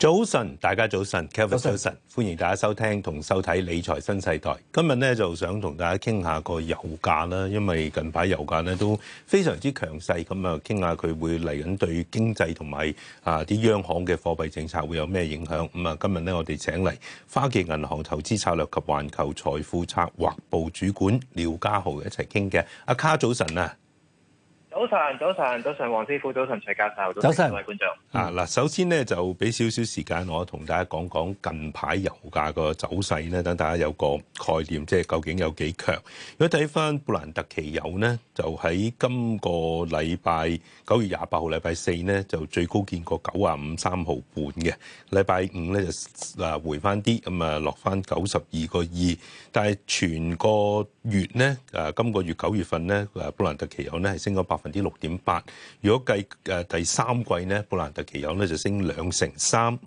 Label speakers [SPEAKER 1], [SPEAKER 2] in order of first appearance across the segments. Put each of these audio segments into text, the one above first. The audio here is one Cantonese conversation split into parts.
[SPEAKER 1] 早晨，大家早晨，Kevin 早晨，早晨歡迎大家收聽同收睇《理財新世代》。今日咧就想同大家傾下個油價啦，因為近排油價咧都非常之強勢，咁啊傾下佢會嚟緊對經濟同埋啊啲央行嘅貨幣政策會有咩影響。咁啊，今日咧我哋請嚟花旗銀行投資策略及環球財富策劃部主管廖嘉豪一齊傾嘅。阿卡早晨啊！
[SPEAKER 2] 早晨，早晨，早晨，黃師傅，早晨，徐教授，教授教授
[SPEAKER 1] 早晨上，各位觀眾啊！嗱，首先咧就俾少少時間我同大家講講近排油價個走勢咧，等大家有個概念，即係究竟有幾強。如果睇翻布蘭特期油咧，就喺今個禮拜九月廿八號禮拜四咧，就最高見過九啊五三毫半嘅，禮拜五咧就嗱回翻啲咁啊落翻九十二個二，但係全個月咧，誒、啊、今個月九月份咧，誒、啊、布蘭特期油咧係升咗百分之六點八。如果計誒、啊、第三季咧，布蘭特期油咧就升兩成三。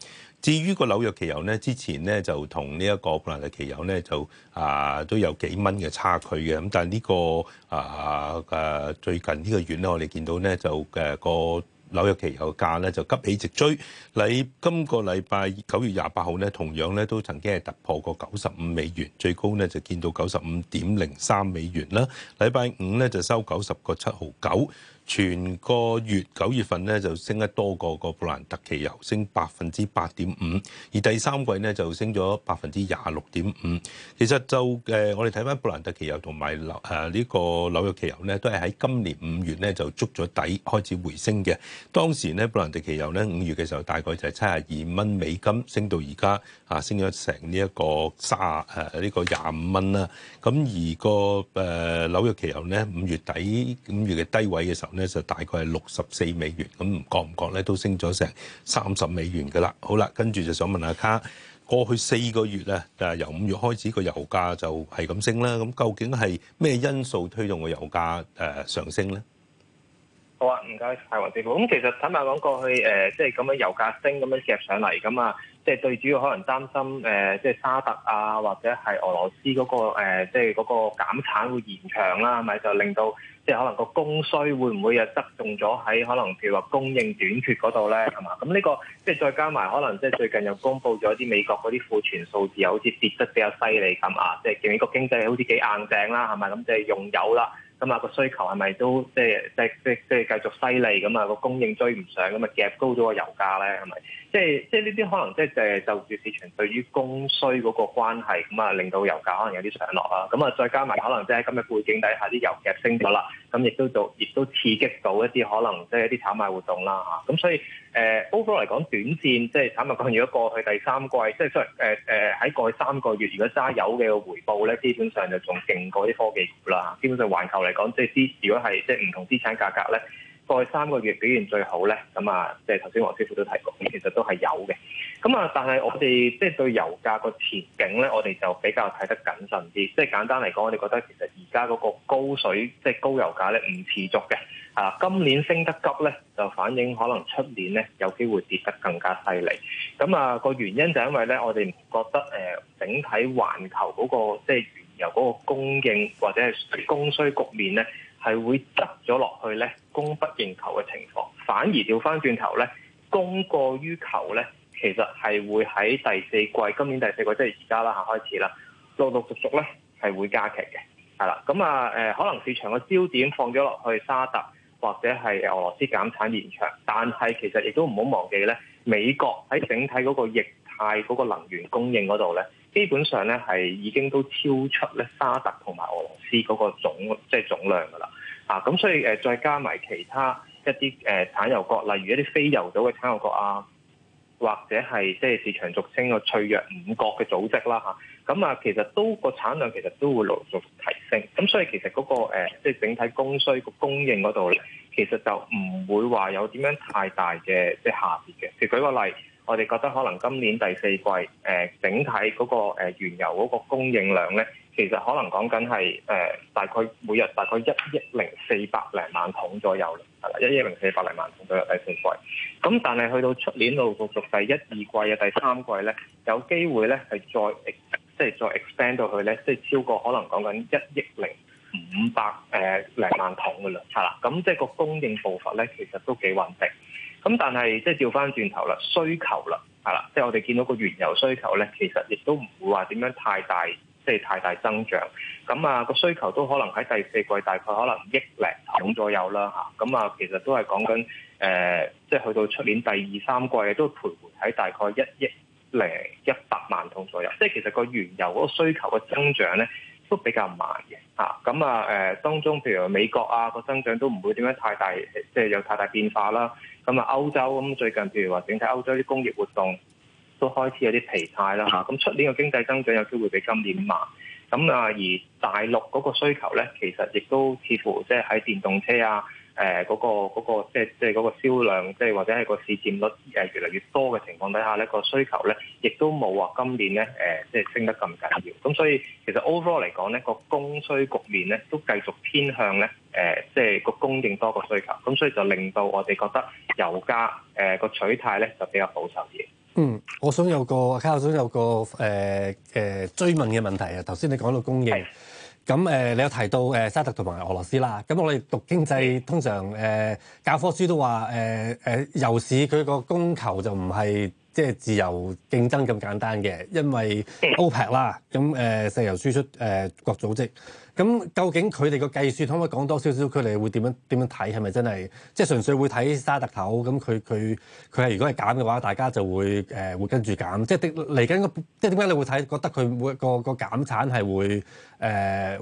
[SPEAKER 1] 至於個紐約期油咧，之前咧就同呢一個布蘭特期油咧就啊都有幾蚊嘅差距嘅。咁但係呢、這個啊誒、啊、最近呢個月咧，我哋見到咧就誒、啊、個。紐約期油價咧就急起直追，禮今個禮拜九月廿八號咧，同樣咧都曾經係突破過九十五美元，最高咧就見到九十五點零三美元啦。禮拜五咧就收九十個七毫九。全個月九月份咧就升得多過個布蘭特期油，升百分之八點五，而第三季咧就升咗百分之廿六點五。其實就誒、呃，我哋睇返布蘭特期油同埋樓誒呢個紐約期油咧，都係喺今年五月咧就捉咗底開始回升嘅。當時咧布蘭特期油咧五月嘅時候大概就係七十二蚊美金，升到、啊升30，呃、而家啊升咗成呢一個卅誒呢個廿五蚊啦。咁而個誒紐約期油咧五月底五月嘅低位嘅時候，咧就大概係六十四美元，咁唔覺唔覺咧都升咗成三十美元噶啦。好啦，跟住就想問下卡，過去四個月啊，誒由五月開始個油價就係咁升啦。咁究竟係咩因素推動個油價誒上升咧？
[SPEAKER 2] 好啊，唔該，泰華師傅。咁其實坦白講，過去誒即係咁樣油價升咁樣夾上嚟咁啊，即係最主要可能擔心誒，即係沙特啊，或者係俄羅斯嗰個誒，即係嗰個減產會延長啦，係咪就令到。即係可能個供需會唔會又得重咗喺可能譬如話供應短缺嗰度咧，係嘛？咁呢個即係再加埋可能即係最近又公布咗啲美國嗰啲庫存數字啊，好似跌得比較犀利咁啊！即係見美國經濟好似幾硬淨啦，係咪？咁就用油啦。咁啊，個、嗯、需求係咪都即係即即即係繼續犀利咁啊？個供應追唔上咁啊，夾高咗個油價咧係咪？即係即係呢啲可能即係就住市場對於供需嗰個關係咁啊，令到油價可能有啲上落啊。咁、嗯、啊，再加埋可能即係咁嘅背景底下啲油夾升咗啦。咁亦都做，亦、嗯、都刺激到一啲可能，即、就、係、是、一啲炒賣活動啦嚇。咁、嗯、所以，誒 overall 嚟講，短線即係產品講，就是、如果過去第三季，即係出誒誒喺過去三個月，如果揸油嘅回報咧，基本上就仲勁過啲科技股啦。基本上環球嚟講，即係資，如果係即係唔同資產價格咧。再三個月表現最好咧，咁啊，即係頭先黃師傅都提過，其實都係有嘅。咁啊，但係我哋即係對油價個前景咧，我哋就比較睇得謹慎啲。即係簡單嚟講，我哋覺得其實而家嗰個高水即係高油價咧唔持續嘅。啊，今年升得急咧，就反映可能出年咧有機會跌得更加犀利。咁啊，個原因就係因為咧，我哋唔覺得誒、呃、整體環球嗰、嗰個即係。由嗰個供應或者係供需局面咧，係會擠咗落去咧，供不應求嘅情況，反而調翻轉頭咧，供過於求咧，其實係會喺第四季，今年第四季即係而家啦，吓，開始啦，陸陸續續咧係會加劇嘅，係啦，咁啊誒，可能市場嘅焦點放咗落去沙特或者係俄羅斯減產延長，但係其實亦都唔好忘記咧，美國喺整體嗰個液態嗰個能源供應嗰度咧。基本上咧係已經都超出咧沙特同埋俄羅斯嗰個總即係、就是、總量㗎啦、啊，啊咁所以誒再加埋其他一啲誒、呃、產油國，例如一啲非油組嘅產油國啊，或者係即係市場俗稱嘅脆弱五國嘅組織啦、啊、嚇，咁啊，啊其實都個產量其實都會陸續提升，咁所以其實嗰、那個即係、呃就是、整體供需個供應嗰度咧，其實就唔會話有點樣太大嘅即係下跌嘅。譬如舉個例。我哋覺得可能今年第四季，誒、呃、整體嗰、那個、呃、原油嗰個供應量咧，其實可能講緊係誒大概每日大概一億零四百零萬桶左右啦，係啦，一億零四百零萬桶左右第四季。咁、嗯、但係去到出年陸續續第一二季啊、第三季咧，有機會咧係再即係再 expand 到去咧，即係超過可能講緊一億零五百誒零萬桶嘅啦。係啦，咁、嗯、即係個供應步伐咧，其實都幾穩定。咁、嗯、但係即係調翻轉頭啦，需求啦係啦，即係我哋見到個原油需求咧，其實亦都唔會話點樣太大，即係太大增長。咁啊，個需求都可能喺第四季大概可能億零桶左右啦嚇。咁啊，啊，其實都係講緊誒，即係去到出年第二三季都徘徊喺大概一億零一百萬桶左右。即係其實個原油個需求嘅增長咧，都比較慢嘅嚇，咁啊誒當中譬如美國啊個增長都唔會點樣太大，即係有太大變化啦。咁啊歐洲，咁最近譬如話整體歐洲啲工業活動都開始有啲疲態啦嚇。咁啊出年個經濟增長有機會比今年慢。咁啊而大陸嗰個需求咧，其實亦都似乎即係喺電動車啊。誒嗰、呃嗰個、嗰個、即係即係嗰個銷量，即係或者係個市佔率誒越嚟越多嘅情況底下咧，嗰個需求咧，亦都冇話今年咧誒、呃、即係升得咁緊要。咁所以其實 overall 嚟講咧，嗰個供需局面咧都繼續偏向咧誒、呃，即係個供應多過需求。咁所以就令到我哋覺得油價誒、呃嗰個取態咧就比較保守啲。嗯，
[SPEAKER 3] 我想有個卡，我想有個誒誒、呃呃、追問嘅問題啊。頭先你講到供應。咁誒、呃，你有提到誒、呃、沙特同埋俄羅斯啦。咁我哋讀經濟通常誒、呃、教科書都話誒誒油市佢個供求就唔係即係自由競爭咁簡單嘅，因為 OPEC 啦，咁誒石油輸出誒、呃、國組織。咁究竟佢哋個計算可唔可以講多少少？佢哋會點樣點樣睇？係咪真係即係純粹會睇沙特頭？咁佢佢佢係如果係減嘅話，大家就會誒、呃、會跟住減。即係嚟緊個即係點解你會睇覺得佢每個個減產係會誒、呃、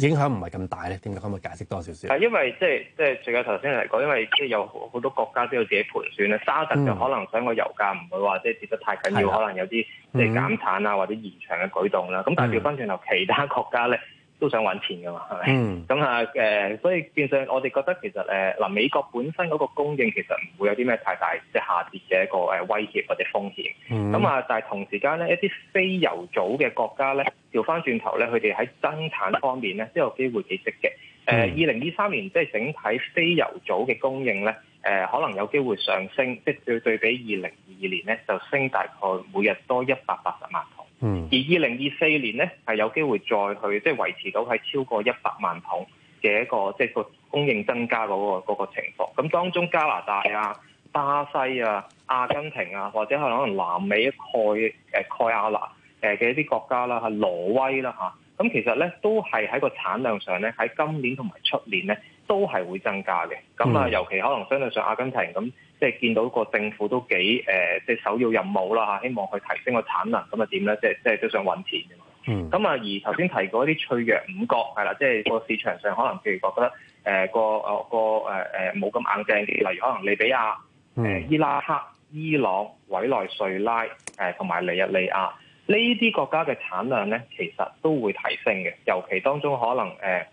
[SPEAKER 3] 影響唔係咁大咧？點解可唔可以解釋多少少？啊、即係，
[SPEAKER 2] 因為即係即係，最近頭先嚟講，因為即係有好多國家都要自己盤算啦。沙特就可能想個油價唔會話即係跌得太緊要，嗯、可能有啲、嗯、即係減產啊或者延長嘅舉動啦。咁但係調翻轉頭，其他國家咧。都想揾錢噶嘛，係咪、嗯？咁啊、嗯，誒、呃，所以變相我哋覺得其實誒嗱、呃，美國本身嗰個供應其實唔會有啲咩太大即係下跌嘅一個誒威脅或者風險。
[SPEAKER 1] 咁啊、嗯，
[SPEAKER 2] 但係同時間咧，一啲非油組嘅國家咧，調翻轉頭咧，佢哋喺生產方面咧都有機會幾積極。誒、嗯，二零二三年即係整體非油組嘅供應咧，誒、呃、可能有機會上升，即係對對比二零二二年咧就升大概每日多一百八十萬。嗯，而二零二四年咧，係有機會再去即係、就是、維持到喺超過一百萬桶嘅一個，即係個供應增加嗰、那個那個情況。咁當中加拿大啊、巴西啊、阿根廷啊，或者係可能南美一蓋誒蓋亞拿誒嘅一啲國家啦、啊，係挪威啦、啊、嚇。咁、啊、其實咧都係喺個產量上咧，喺今年同埋出年咧都係會增加嘅。咁啊，尤其可能相對上阿根廷咁。即係見到個政府都幾誒、呃，即係首要任務啦嚇，希望去提升個產能，咁啊點咧？即係即係都想搵錢啫嘛。嗯。咁啊，而頭先提過啲脆弱五國係啦，即係個市場上可能譬如覺得誒、呃、個誒誒冇咁硬淨，例如可能利比亞、
[SPEAKER 1] 誒、mm. 呃、伊
[SPEAKER 2] 拉克、伊朗、委內瑞拉誒同埋尼日利亞呢啲國家嘅產量咧，其實都會提升嘅，尤其當中可能誒。呃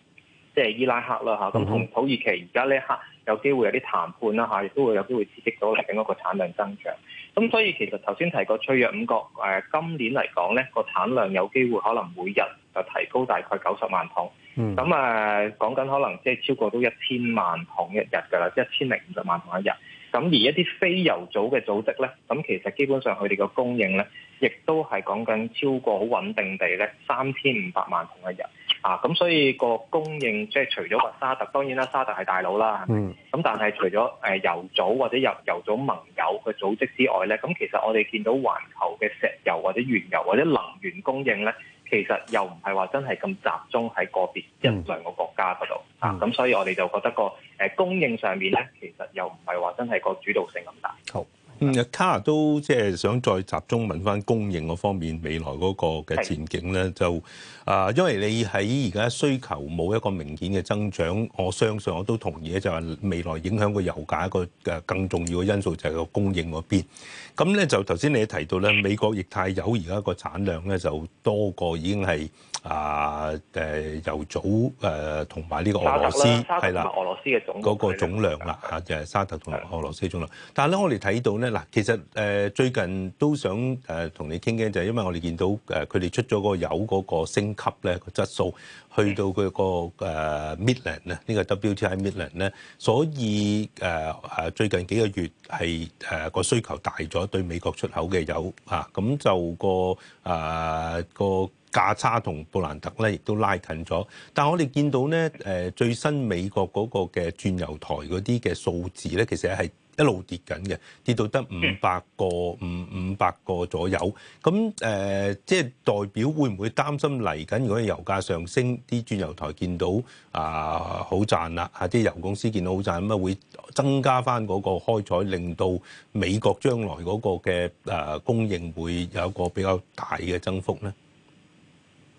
[SPEAKER 2] 即係伊拉克啦嚇，咁同土耳其而家呢一刻有機會有啲談判啦嚇，亦都會有機會刺激到嚟緊嗰個產量增長。咁所以其實頭先提過脆弱五國誒今年嚟講咧，個產量有機會可能每日就提高大概九十萬桶。咁誒講緊可能即係超過都一千萬桶一日㗎啦，即一千零五十萬桶一日。咁而一啲非油組嘅組織咧，咁其實基本上佢哋個供應咧，亦都係講緊超過好穩定地咧三千五百萬桶一日。啊，咁所以個供應即係除咗個沙特，當然啦，沙特係大佬啦。係咪？嗯。咁但係除咗誒、呃、油組或者油油組盟友嘅組織之外咧，咁其實我哋見到環球嘅石油或者原油或者能源供應咧，其實又唔係話真係咁集中喺個別一兩個國家嗰度。啊、嗯，咁所以我哋就覺得個誒供應上面咧，其實又唔係話真係個主導性咁大。
[SPEAKER 1] 好。嗯，卡都即係想再集中問翻供應嗰方面未來嗰個嘅前景咧，是就啊、呃，因為你喺而家需求冇一個明顯嘅增長，我相信我都同意咧，就係未來影響個油價一個誒更重要嘅因素就係個供應嗰邊。咁咧就頭先你提到咧，是美國液態油而家個產量咧就多過已經係。啊，誒由早誒同埋呢個俄羅斯係啦，俄羅斯嘅總嗰個總量啦，的就係沙特同俄羅斯總量。的但係咧，我哋睇到咧，嗱，其實誒、呃、最近都想誒同你傾傾，就係、是、因為我哋見到誒佢哋出咗個油嗰個升級咧個質素，去到佢、那個誒 Midland 咧，呢、呃、個 WTI Midland 咧，所以誒誒、呃、最近幾個月係誒個需求大咗對美國出口嘅油啊，咁就個誒、呃呃、個。價差同布蘭特咧，亦都拉近咗。但係我哋見到咧，誒最新美國嗰個嘅轉油台嗰啲嘅數字咧，其實係一路跌緊嘅，跌到得五百個五五百個左右。咁誒，即、呃、係、就是、代表會唔會擔心嚟緊如果油價上升？啲轉油台見到啊好、呃、賺啦，啊啲油公司見到好賺，咁啊會增加翻嗰個開採，令到美國將來嗰個嘅誒供應會有一個比較大嘅增幅咧？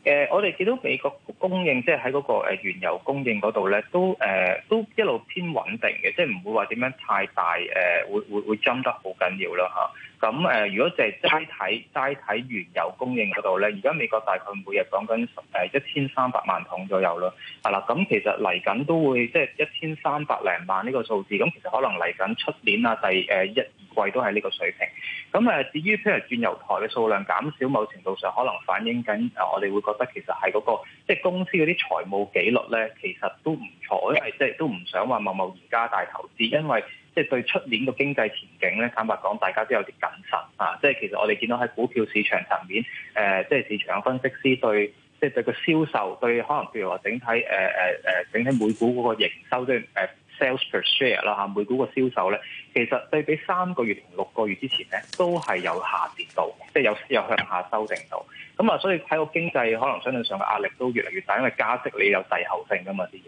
[SPEAKER 2] 誒，我哋見到美國供應即係喺嗰個原油供應嗰度咧，都誒、呃、都一路偏穩定嘅，即係唔會話點樣太大誒、呃，會會會爭得好緊要咯。嚇。咁誒，如果就係齋睇齋睇原油供應嗰度咧，而家美國大概每日講緊誒一千三百萬桶左右咯，係、嗯、啦。咁其實嚟緊都會即係一千三百零萬呢個數字，咁、嗯、其實可能嚟緊出年啊，第誒一二季都喺呢個水平。咁、嗯、誒，至於譬如轉油台嘅數量減少，某程度上可能反映緊誒，我哋會覺得其實係嗰、那個即係、就是、公司嗰啲財務紀律咧，其實都唔錯，因為即係都唔想話貿貿然加大投資，因為。即係對出年個經濟前景咧，坦白講，大家都有啲謹慎啊！即係其實我哋見到喺股票市場層面，誒、呃，即係市場分析師對，即係對個銷售，對可能譬如話整體誒誒誒整體每股嗰個營收即係誒 sales per share 啦嚇，每股個銷售咧，其實對比三個月同六個月之前咧，都係有下跌到，即係有有向下修訂到。咁啊，所以喺個經濟可能相對上嘅壓力都越嚟越大，因為加息你有滯後性噶嘛啲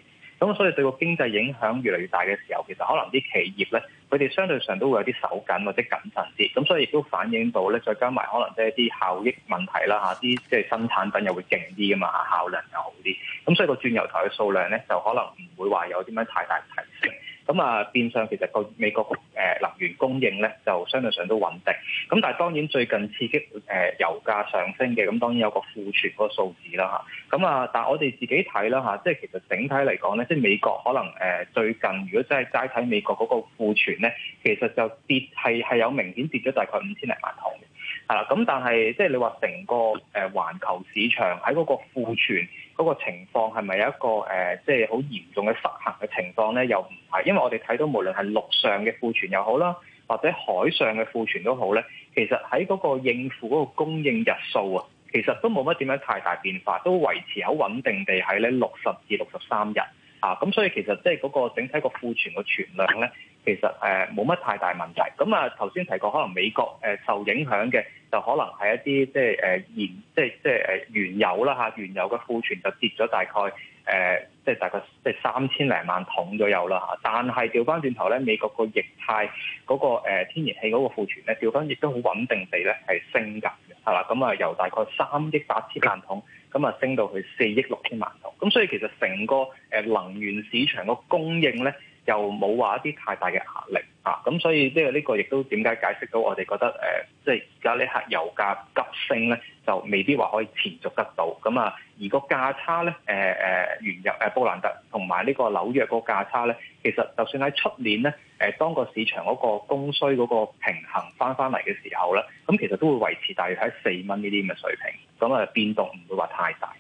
[SPEAKER 2] 咁所以對個經濟影響越嚟越大嘅時候，其實可能啲企業咧，佢哋相對上都會有啲手緊或者謹慎啲。咁所以亦都反映到咧，再加埋可能即係啲效益問題啦嚇，啲即係新產品又會勁啲㗎嘛，效能又好啲。咁所以個鑽油台嘅數量咧，就可能唔會話有啲咩太大嘅提升。咁啊，變相其實個美國誒能源供應咧，就相對上都穩定。咁但係當然最近刺激誒油價上升嘅，咁當然有個庫存嗰個數字啦吓，咁啊，但係我哋自己睇啦吓，即係其實整體嚟講咧，即係美國可能誒最近如果真係齋睇美國嗰個庫存咧，其實就跌係係有明顯跌咗大概五千零萬桶嘅。係啦，咁但係即係你話成個誒環球市場喺嗰個庫存。嗰個情況係咪有一個誒，即係好嚴重嘅失衡嘅情況咧？又唔係，因為我哋睇到無論係陸上嘅庫存又好啦，或者海上嘅庫存都好咧，其實喺嗰個應付嗰個供應日數啊，其實都冇乜點樣太大變化，都維持喺穩定地喺咧六十至六十三日啊，咁所以其實即係嗰個整體個庫存個存量咧。其實誒冇乜太大問題咁啊！頭先提過，可能美國誒受影響嘅就可能係一啲即係誒原即係即係誒原油啦嚇，原油嘅庫存就跌咗大概誒、呃、即係大概即係三千零萬桶左右啦嚇。但係調翻轉頭咧，美國個液態嗰、嗰個天然氣嗰個庫存咧，調翻亦都好穩定地咧係升緊嘅，係啦。咁啊，由大概三億八千萬桶咁啊升到去四億六千萬桶。咁所以其實成個誒能源市場個供應咧。又冇話一啲太大嘅壓力嚇，咁、啊、所以即係呢個亦、這個、都點解解釋到我哋覺得誒，即係而家呢刻油價急升咧，就未必話可以持續得到咁啊。而個價差咧，誒、呃、誒，原油誒布蘭特同埋呢個紐約個價差咧，其實就算喺出年咧，誒、呃、當個市場嗰個供需嗰個平衡翻翻嚟嘅時候咧，咁其實都會維持大約喺四蚊呢啲咁嘅水平，咁啊變動唔會話太大。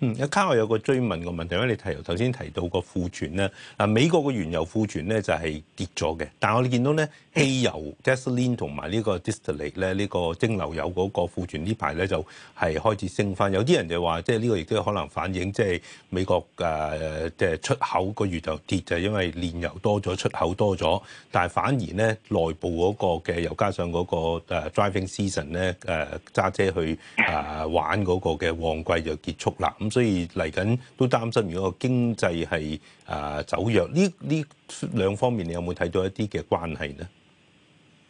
[SPEAKER 1] 嗯，阿 Ka 我有個追問個問題，因為你頭頭先提到個庫存咧，啊美國個原油庫存咧就係跌咗嘅，但係我哋見到咧汽油 gasoline 同埋呢個 distillate 咧呢個蒸餾油嗰個庫存呢排咧就係開始升翻，有啲人就話即係呢個亦都可能反映即係美國誒、呃、即係出口個月就跌就係、因為煉油多咗出口多咗，但係反而咧內部嗰個嘅又加上嗰個 driving season 咧誒揸車去啊、呃、玩嗰個嘅旺季就結束啦。所以嚟緊都擔心，如果個經濟係誒、呃、走弱，呢呢兩方面你有冇睇到一啲嘅關係呢？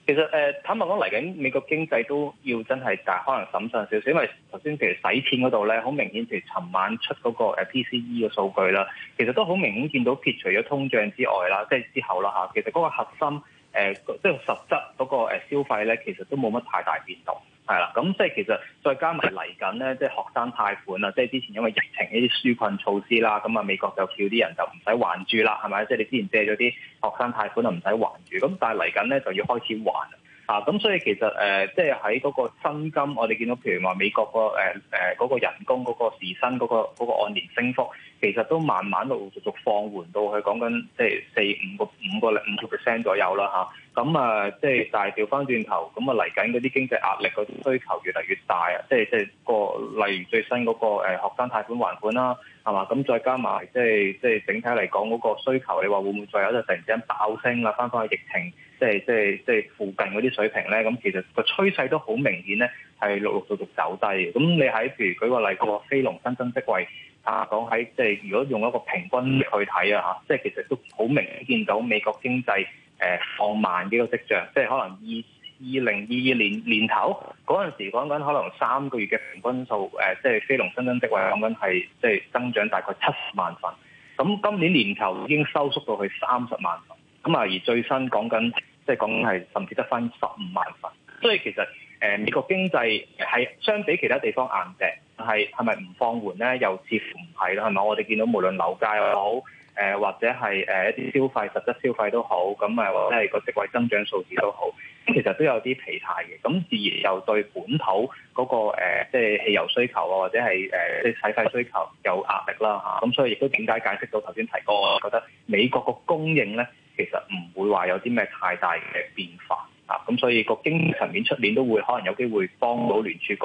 [SPEAKER 2] 其實誒、呃、坦白講，嚟緊美國經濟都要真係大可能審慎少少，因為頭先其實使錢嗰度咧，好明顯，其實尋晚出嗰個 PCE 嘅數據啦，其實都好明顯見到撇除咗通脹之外啦，即係之後啦嚇，其實嗰個核心誒、呃、即係實質嗰個消費咧，其實都冇乜太大變動。係啦，咁即係其實再加埋嚟緊咧，即係學生貸款啊，即係之前因為疫情呢啲紓困措施啦，咁啊美國就叫啲人就唔使還住啦，係咪？即係你之前借咗啲學生貸款啊，唔使還住，咁但係嚟緊咧就要開始還啊，咁所以其實誒、呃，即係喺嗰個薪金，我哋見到譬如話美國個誒誒嗰個人工嗰、嗰個時薪嗰、嗰個按、嗰個、年升幅，其實都慢慢陸陸續續放緩到去講緊即係四五個五個五個 percent 左右啦嚇。啊咁啊，即係大係調翻轉頭，咁啊嚟緊嗰啲經濟壓力嗰啲需求越嚟越大啊！即係即係個，例如最新嗰個誒學生貸款還款啦，係嘛？咁再加埋即係即係整體嚟講嗰個需求，你話會唔會再有就突然之間爆升啦？翻返去疫情，即係即係即係附近嗰啲水平咧？咁其實個趨勢都好明顯咧，係陸陸續續走低。咁你喺譬如舉個例個非農新增職位，啊講喺即係如果用一個平均去睇啊，即係其實都好明顯見到美國經濟。誒、呃、放慢嘅一個跡象，即係可能二二零二二年年頭嗰陣時講緊可能三個月嘅平均數，誒、呃、即係非農新增職位講緊係即係增長大概七十萬份，咁今年年頭已經收縮到去三十萬份，咁啊而最新講緊即係講緊係甚至得返十五萬份，所以其實誒、呃、美國經濟係相比其他地方硬淨，係係咪唔放緩咧？又似乎唔係啦，係咪？我哋見到無論樓價又好。誒或者係誒一啲消費實質消費都好，咁誒或者係個職位增長數字都好，咁其實都有啲疲態嘅。咁自然又對本土嗰、那個即係、呃就是、汽油需求啊，或者係誒即係使費需求有壓力啦嚇。咁、啊、所以亦都點解解釋到頭先提過，我覺得美國個供應咧，其實唔會話有啲咩太大嘅變化啊。咁所以個經濟層面出年都會可能有機會幫到聯儲局，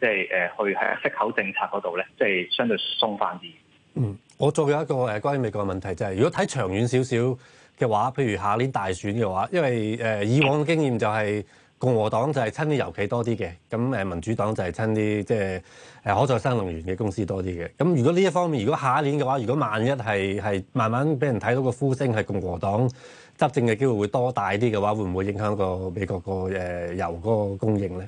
[SPEAKER 2] 即係誒去喺息口政策嗰度咧，即、就、係、是、相對鬆翻啲。嗯。
[SPEAKER 3] 我仲有一個誒關於美國嘅問題，就係、是、如果睇長遠少少嘅話，譬如下年大選嘅話，因為誒、呃、以往嘅經驗就係、是、共和黨就係親啲油企多啲嘅，咁誒民主黨就係親啲即係誒可再生能源嘅公司多啲嘅。咁如果呢一方面，如果下一年嘅話，如果萬一係係慢慢俾人睇到個呼聲係共和黨執政嘅機會會多大啲嘅話，會唔會影響個美國個誒、呃、油嗰個供應咧？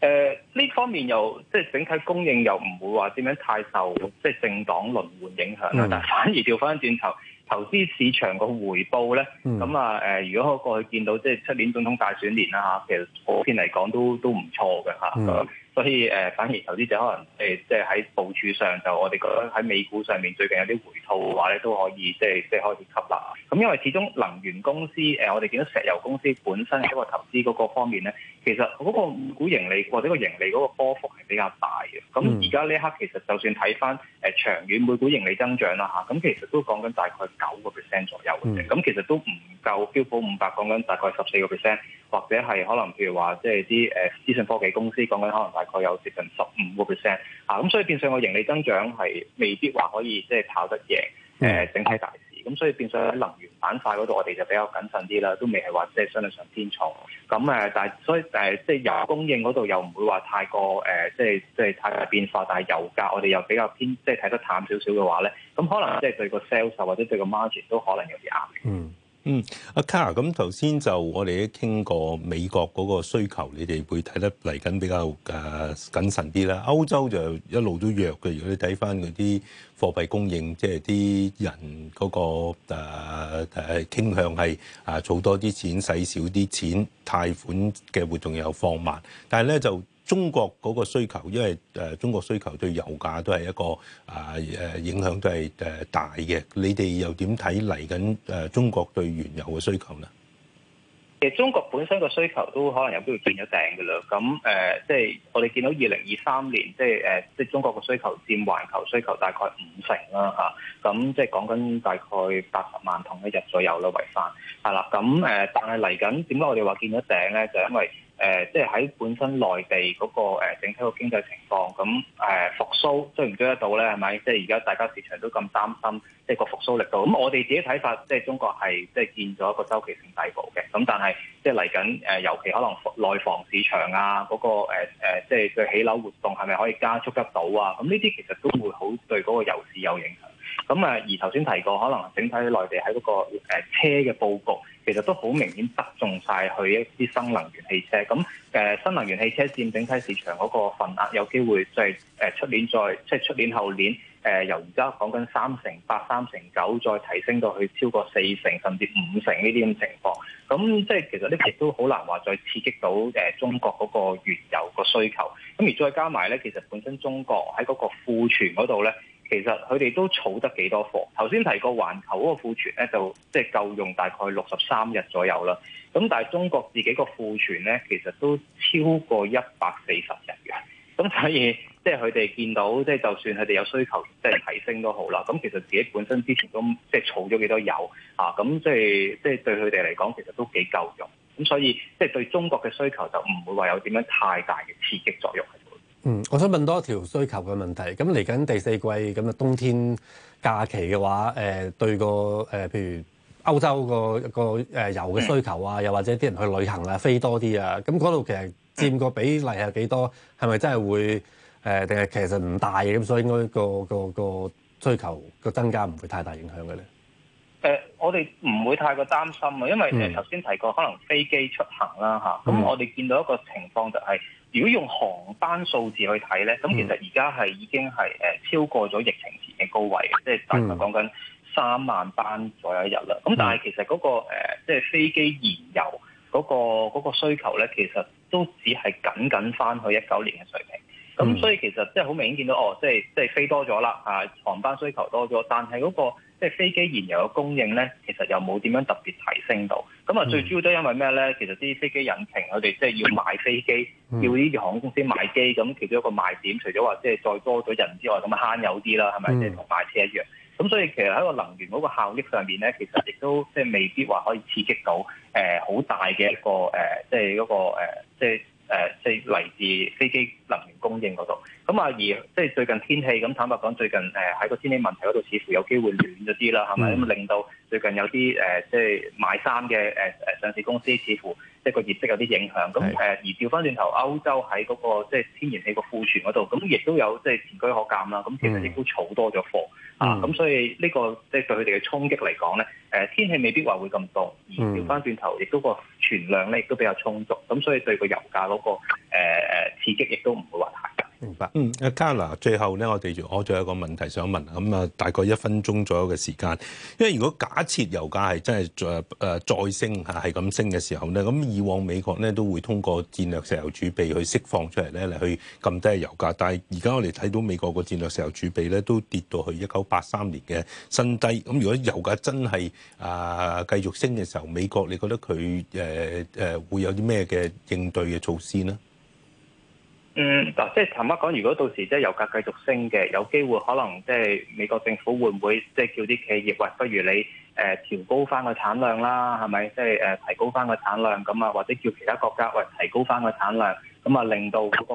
[SPEAKER 2] 誒，呢方面又即係整體供應又唔會話點樣太受即係政黨輪換影響，mm. 但係反而調翻轉頭，投資市場個回報咧，咁啊誒，如果我過去見到即係出年總統大選年啦吓，其實普遍嚟講都都唔錯嘅吓。Mm. 所以誒，反而投資者可能誒，即係喺部署上就我哋覺得喺美股上面最近有啲回吐嘅話咧，都可以即係即係開始吸納。咁因為始終能源公司誒，我哋見到石油公司本身喺個投資嗰個方面咧，其實嗰個每股盈利或者個盈利嗰個波幅係比較大嘅。咁而家呢一刻其實就算睇翻誒長遠，每股盈利增長啦吓，咁其實都講緊大概九個 percent 左右嘅啫。咁其實都唔夠標普五百講緊大概十四個 percent，或者係可能譬如話即係啲誒資訊科技公司講緊可能大。我有接近十五個 percent 啊，咁所以變相個盈利增長係未必話可以即係跑得贏誒整體大市，咁所以變相喺能源板塊嗰度，我哋就比較謹慎啲啦，都未係話即係相對上偏重。咁 誒，但係所以誒，即係油供應嗰度又唔會話太過誒，即係即係太大變化。但係油價我哋又比較偏，即係睇得淡少少嘅話咧，咁可能即係對個 sales 或者對個 margin 都可能有啲壓力。
[SPEAKER 1] 嗯。嗯，阿 Car 咁頭先就我哋啲傾過美國嗰個需求，你哋會睇得嚟緊比較誒謹、啊、慎啲啦。歐洲就一路都弱嘅，如果你睇翻嗰啲貨幣供應，即係啲人嗰、嗰個誒傾、啊啊、向係啊儲多啲錢，使少啲錢，貸款嘅活動有放慢，但係咧就。中國嗰個需求，因為誒中國需求對油價都係一個誒誒影響都係誒大嘅。你哋又點睇嚟緊誒中國對原油嘅需求咧？其
[SPEAKER 2] 實中國本身個需求都可能有機會見咗頂嘅啦。咁誒、呃，即係我哋見到二零二三年，即係誒，即係中國嘅需求佔環球需求大概五成啦嚇。咁、啊、即係講緊大概八十萬桶一日左右啦維返。係啦，咁誒，但係嚟緊點解我哋話見咗頂咧？就因為誒、呃，即係喺本身內地嗰個整體個經濟情況，咁誒、呃、復甦追唔追得到咧？係咪？即係而家大家市場都咁擔心，即係個復甦力度。咁我哋自己睇法，即係中國係即係見咗一個周期性底部嘅。咁但係即係嚟緊誒，尤其可能內房市場啊，嗰、那個誒、呃、即係對起樓活動係咪可以加速得到啊？咁呢啲其實都會好對嗰個油市有影響。咁啊，而頭先提過，可能整體內地喺嗰、那個誒、呃、車嘅佈局。其實都好明顯側重晒去一啲新能源汽車，咁誒、呃、新能源汽車佔整體市場嗰個份額有機會即係誒，出年再即係出年後年，誒、呃、由而家講緊三成八、三成九再提升到去超過四成甚至五成呢啲咁情況，咁即係其實呢啲都好難話再刺激到誒、呃、中國嗰個原油個需求，咁而再加埋咧，其實本身中國喺嗰個庫存嗰度咧。其實佢哋都儲得幾多貨，頭先提過環球嗰個庫存咧，就即係夠用大概六十三日左右啦。咁但係中國自己個庫存咧，其實都超過一百四十日嘅。咁所以即係佢哋見到，即係就算佢哋有需求即係提升都好啦。咁其實自己本身之前都即係儲咗幾多油啊，咁即係即係對佢哋嚟講，其實都幾夠用。咁所以即係對中國嘅需求就唔會話有點樣太大嘅刺激作用。
[SPEAKER 3] 嗯，我想問多一條需求嘅問題。咁嚟緊第四季咁嘅冬天假期嘅話，誒、呃、對個誒、呃、譬如歐洲個個誒油嘅需求啊，又或者啲人去旅行啊，飛多啲啊，咁嗰度其實佔個比例係幾多？係咪真係會誒定係其實唔大嘅？咁所以應該個個個個需求個增加唔會太大影響嘅咧。
[SPEAKER 2] 誒、呃，我哋唔會太過擔心啊，因為誒頭先提過可能飛機出行啦嚇，咁、啊嗯、我哋見到一個情況就係、是，如果用航班數字去睇咧，咁其實而家係已經係誒、呃、超過咗疫情前嘅高位，即係、嗯、大概講緊三萬班左右一日啦。咁、嗯、但係其實嗰、那個即係、呃就是、飛機燃油嗰、那個那個需求咧，其實都只係僅僅翻去一九年嘅水平。咁、嗯、所以其實即係好明顯見到哦，即係即係飛多咗啦，啊航班需求多咗，但係嗰、那個。即係飛機燃油嘅供應咧，其實又冇點樣特別提升到。咁啊、嗯，最主要都因為咩咧？其實啲飛機引擎，佢哋即係要買飛機，叫啲航空公司買機，咁其中一個賣點，除咗話即係再多咗人之外，咁啊慳油啲啦，係咪？即係同買車一樣。咁所以其實喺個能源嗰個效益上面咧，其實亦都即係未必話可以刺激到誒好、呃、大嘅一個誒、呃即係呃，即係嗰個即係誒，即係嚟、呃、自飛機能源供應嗰度。咁啊，而即係最近天氣咁，坦白講，最近誒喺個天氣問題嗰度，似乎有機會暖咗啲啦，係咪、嗯？咁令到最近有啲誒、呃，即係買衫嘅誒誒上市公司，似乎即係個業績有啲影響。咁誒是，而調翻轉頭，歐洲喺嗰個即係天然氣個庫存嗰度，咁亦都有即係前車可鑑啦。咁其實亦都儲多咗貨啊。咁、嗯、所以呢個即係對佢哋嘅衝擊嚟講咧，誒天氣未必話會咁凍。而調翻轉頭，嗯、亦都個存量咧，亦都比較充足。咁所以對個油價嗰個誒刺激，亦都唔會話太。
[SPEAKER 1] 明白。嗯，阿嘉豪，最後咧，我哋仲有一個問題想問，咁、嗯、啊，大概一分鐘左右嘅時間，因為如果假設油價係真係誒誒再升嚇，係咁升嘅時候咧，咁、嗯、以往美國咧都會通過戰略石油儲備去釋放出嚟咧嚟去撳低油價，但係而家我哋睇到美國個戰略石油儲備咧都跌到去一九八三年嘅新低。咁、嗯、如果油價真係啊、呃、繼續升嘅時候，美國你覺得佢誒誒會有啲咩嘅應對嘅措施咧？
[SPEAKER 2] 嗯，嗱，即係坦白講，如果到時即係、就是、油價繼續升嘅，有機會可能即係、就是、美國政府會唔會即係、就是、叫啲企業，喂，不如你誒、呃、調高翻個產量啦，係咪？即係誒提高翻個產量，咁啊、就是呃，或者叫其他國家，喂、呃，提高翻個產量，咁、嗯、啊，令到嗰、那個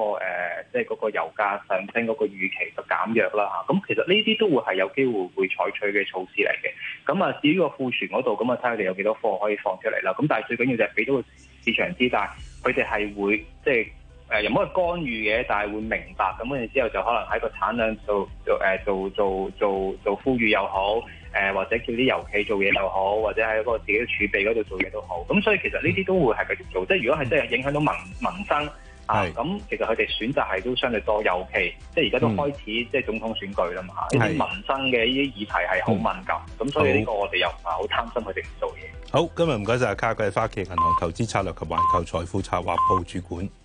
[SPEAKER 2] 即係嗰個油價上升嗰個預期就減弱啦嚇。咁、啊嗯、其實呢啲都會係有機會會採取嘅措施嚟嘅。咁、嗯、啊，至於個庫存嗰度，咁啊，睇下佢哋有幾多貨可以放出嚟啦。咁但係最緊要就係俾到個市場知，但係佢哋係會即係。誒又冇去干預嘅，但係會明白咁。跟住之後就可能喺個產量做做誒做做做做呼籲又好，誒、呃、或者叫啲油企做嘢又好，或者喺個自己儲備嗰度做嘢都好。咁所以其實呢啲都會係繼續做。即係如果係真係影響到民民生是啊，咁其實佢哋選擇係都相對多。尤其即係而家都開始即係總統選舉啦嘛，啲是民生嘅呢啲議題係好敏感，咁、嗯、所以呢個我哋又唔係好貪心，佢哋唔做嘢。
[SPEAKER 1] 好，今日唔該晒，嘉豪花旗銀行投資策略及環球財富策，策劃部主管。